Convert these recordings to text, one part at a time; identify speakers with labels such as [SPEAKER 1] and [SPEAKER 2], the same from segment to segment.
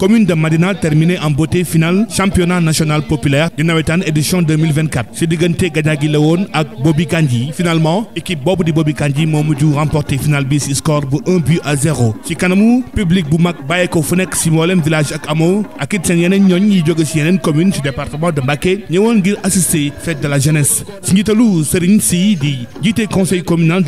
[SPEAKER 1] commune de Madina terminée en beauté finale championnat national populaire di nawetaan édition 2024 diggante Gadiagi la woon ak Bobi Kandji finalement équipe boobu di Bobi Kandji moo mujj remporté finale bi si score bu ci kanamu public bu mag bàyyee ko fu nekk si mboolem village ak amoo ak it seen yeneen ñooñ yi jóge si yeneen commune si département de Mbacké ñëwoon ngir assister fête de la jeunesse si njiitalu Serigne Sy di jiite conseil communal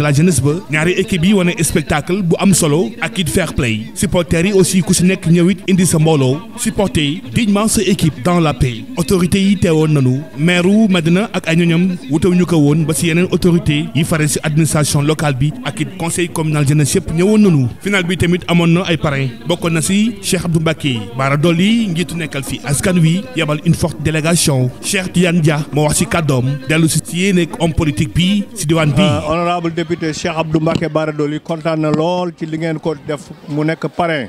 [SPEAKER 1] mbooloo supporter dignement sa équipe dans la paix autorité yi teewoon nanu maireu Medina ak ay ñoñam wutaw wuñu ko woon ba si yeneen autorité yi fare si administration locale bi ak it conseil communal jeunesse yëpp ñëwoon nanu final bi tamit amoon na ay parrain bokkoon na si Cheikh Abdou Mbacké Bara Dolly njiitu nekkal fi askan wi yebal une forte délégation Cheikh Tidiane Dia moo wax si kàddoom dellu si si yéen ak homme politique bi si diwaan bi euh, honorable
[SPEAKER 2] député Cheikh Abdou Mbacké Bara Dolly kontaan na lool ci li ngeen ko def mu nekk parrain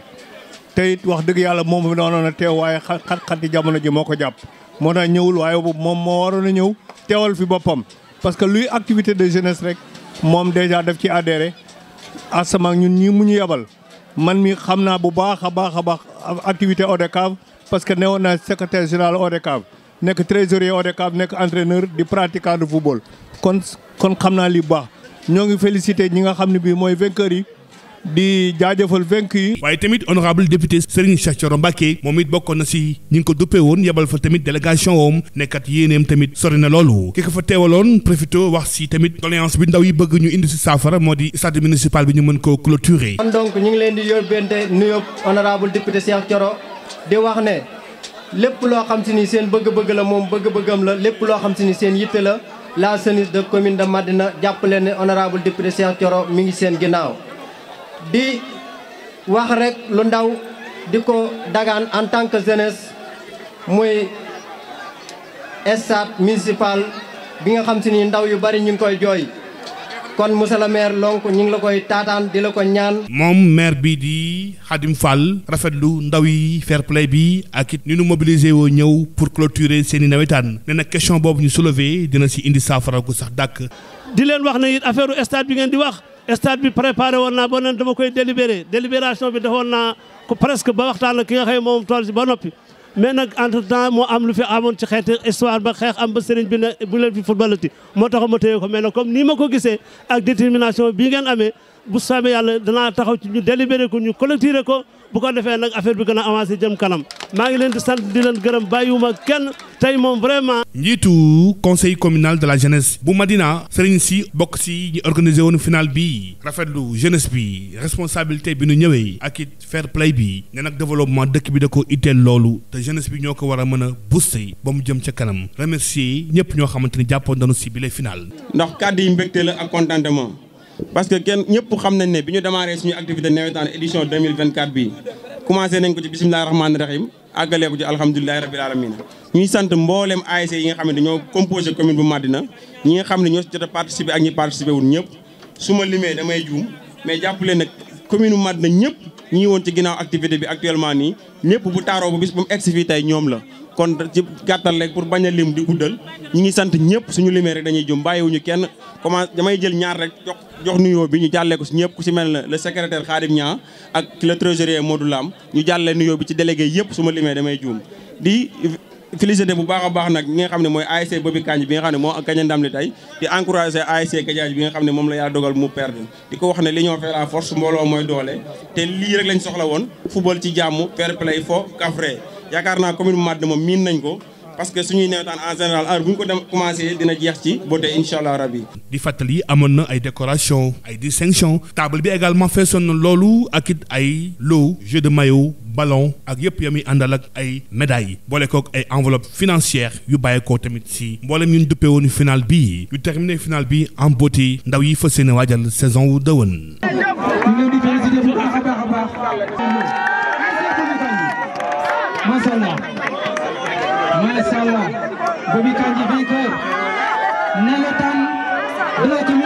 [SPEAKER 2] te wax dëgg yàlla moom fi doonoon a teew waaye xat-xati jamono ji moo ko jàpp moo tax ñëwul waaye moom moo waroon a ñëw teewal fi boppam parce que luy activité de jeunesse rek moom déjà def ci adhéré asamaak ñun ñii mu ñu yebal man mi xam naa bu baax a baax a baax activité ODCAV parce que newoon naa secrétaire général ODCAV nekk trésorier ODCAV nekk entraîneur di pratiquant de football kon xam naa li baax ñoo ngi félicité ñi nga xam ne bii
[SPEAKER 1] mooy vainqueur yi di jaajëfal vaincre yi. waaye tamit honorable député Serigne Cheikh Thioro Mbacké moom it bokkoon na si ñu ngi ko duppee woon yebal fa tamit délégation woom nekkat yéeneem tamit sori na loolu ki ko fa teewaloon profité wax si tamit doléance bi ndaw yi bëgg ñu indi si saafara moo di stade municipal bi ñu mën ko koo clôturer. kon
[SPEAKER 3] donc ñu ngi leen di yóbbante nuyoo honorable député Cheikh Thioro di wax ne lépp loo xam si ni seen bëgg-bëgg la moom bëgg-bëggam la lépp loo xam ni seen yitte la la jeunesse de commune de Madina jàpp leen ne honorable député Cheikh Thioro ngi seen ginnaaw. di wax rek lu ndaw di ko dagaan en tant que jeunesse muy stade municipal bi nga xam si ni ndaw yu bari ñu ngi koy jooy kon monsieur le maire lonk ñu ngi la koy taataan di la ko ñaan.
[SPEAKER 1] moom maire bii di Khadim rafet lu ndaw yi fair play bi ak it ni nu mobiliser woo ñëw pour clôturer seen i nawetaan nee na question boobu ñu soulever dina si indi saafara ku sax dàkk. di wax ne it affaire stade bi ngeen di wax. stade bi préparé woon naa ba nan dama koy délibéré délibération bi defoon naa ko presque ba waxtaan ak ki nga xam moom tool si ba noppi mais nag entre temps moo am lu fi amoon ci xeeti histoire ba xeex am ba sëriñ bi ne bu leen fi footballati moo tax ma téye ko mais nag comme nii ma ko gisee ak détermination bii ngeen amee bu soobee yàlla danaa taxaw ci ñu délibéré ko ñu collecté ko bu ko defee nag affaire bi gën a avancé jëm kanam maa ngi leen di sant di leen gërëm bàyyiwuma kenn tey moom vraiment. njiitu conseil communal de la jeunesse bu Madina Serigne si bokk si ñu organisé woon final bi rafetlu jeunesse bi responsabilité bi nu ñëwee ak it fair play bi ne nag développement dëkk bi da ko itteel loolu te jeunesse bi ñoo ko war a mën a booster ba mu jëm ca kanam remercier ñëpp ñoo xamante ni jàppoon nañu si bile final. ndax kàddu yi mbégte la ak contentement. parce que kenn ñëpp
[SPEAKER 4] xam nañ ne bi ñu démarré suñu activité nawetaan édition 2024 bii commencé nañ ko ci bisimilah rahmaani rahim àggalee ko ci alhamdulilahi rabil alamina ñuy sant mbooleem ASC yi nga xam ne ñoo composé commune bu Madina ñi nga xam ne ñoo si jot a participé ak ñi participé wul su ma limee damay juum mais jàppale nag commune bu Madina ñëpp ñi woon ci ginnaaw activité bi actuellement nii ñëpp bu taaroo bu bis bu mu egsi fii tey ñoom la kon ci gàttal rek pour bañ a lim di guddal ñi ngi sant ñëpp suñu limee rek dañuy jum bàyyiwuñu kenn commencé damay jël ñaar rek jox jox nuyoo bi ñu jàllee ko si ñëpp ku si mel ne le secrétaire Khadim Niang ak ñu jàllee nuyoo bi ci délégué yëpp su ma limee damay juum di félicité bu baax a baax nag ñi nga xam ne mooy ASC Bobi Kanji bi nga xam ne moo gañ a ndam li tey bi nga xam ne moom la yaa dogal mu perdre di ko wax ne li ñoo fait la force mbooloo mooy doole te lii rek lañ soxla woon football ci jàmm fair play fo kafre yaakaar naa commune Madina moom miin nañ ko parce que suñuy nawetaan en général heure bu ñu ko dem commencé
[SPEAKER 1] dina jeex ci beauté incha allah rabi. di fàttali amoon na ay décoration ay distinction table bi également feesoon na loolu ak ay lot jeu de maillot ballon ak yëpp ya muy àndal ak ay médailles boole kook ay enveloppe financière yu bàyyeekoo tamit si mboolem ñun duppee woon final bii yu terminé final bi en beauté ndaw yi fas yéene waajal saison wu dëwën.
[SPEAKER 3] Mashallah. Mashallah. Bobby Kandi vainqueur. Nalotan de la commune.